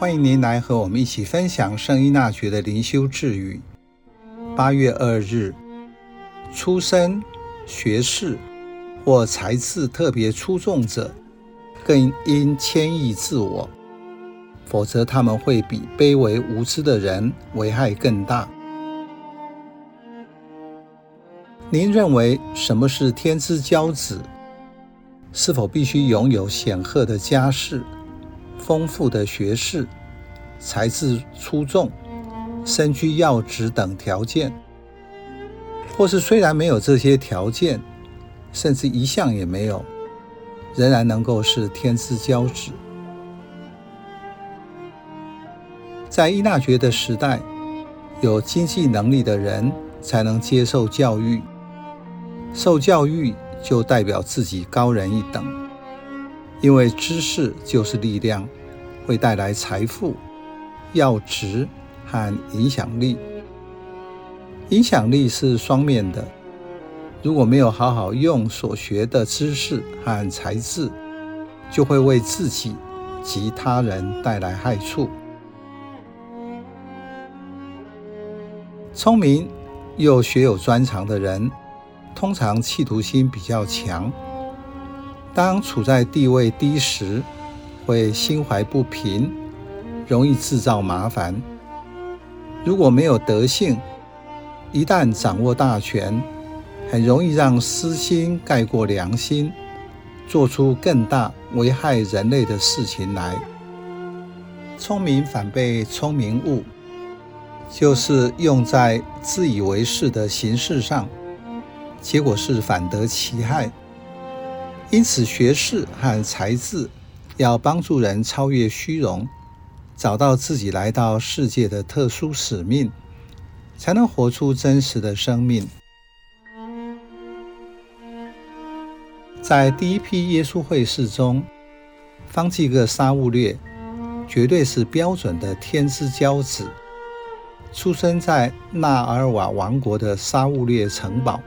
歡迎您來和我們一起分享聖依納爵的靈修智語。八月二日，出身、學識或才智特別出眾者，更應謙抑自我，否則他們會比卑微無知的人，危害更大。您認為什麼是天之驕子？是否必須擁有顯赫的家世？豐富的學識、才智出眾、身居要職等條件，或是雖然沒有這些條件，甚至一項也沒有，仍然能夠是天之驕子。在依納爵的時代，有經濟能力的人才能接受教育，受教育就代表自己高人一等，因為知識就是力量。會帶來財富、要職和影響力。影響力是雙面的，如果沒有好好用所學的知識和才智，就會為自己及他人帶來害處。聰明又學有專長的人，通常企圖心比較強，當處在地位低時，會心懷不平，容易製造麻煩。如果沒有德性，一旦掌握大權，很容易讓私心蓋過良心，做出更大危害人類的事情來。聰明反被聰明誤，就是用在自以為是的行事上，結果是反得其害。因此，學識和才智，要幫助人超越虛榮，找到自己來到世界的特殊使命，才能活出真實的生命。在第一批耶穌會士中，方濟各沙勿略絕對是標準的天之驕子，出生在納爾瓦王國的沙勿略城堡，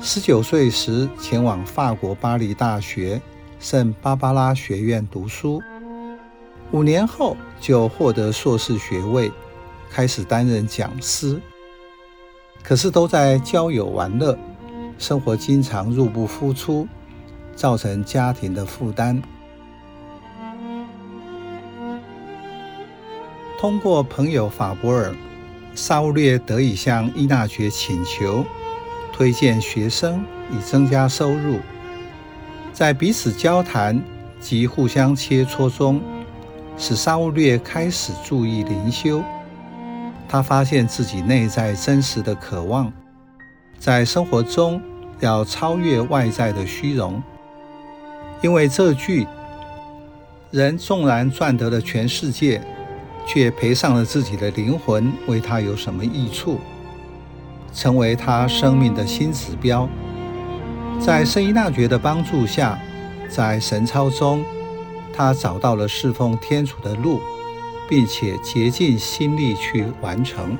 十九歲時前往法國巴黎大學。聖巴巴拉學院讀書，五年後就獲得碩士學位，開始擔任講師。可是都在交友玩樂，生活經常入不敷出，造成家庭的負擔。通過朋友法伯爾，沙勿略得以向依納爵請求，推薦學生以增加收入。在彼此交談及互相切磋中，使沙勿略開始注意靈修。他發現自己內在真實的渴望，在生活中要超越外在的虛榮。因為這句：“人縱然賺得了全世界，卻賠上了自己的靈魂，為他有什麼益處？”成為他生命的新指標。在聖依納爵的幫助下，在神操中，他找到了侍奉天主的路，並且竭盡心力去完成。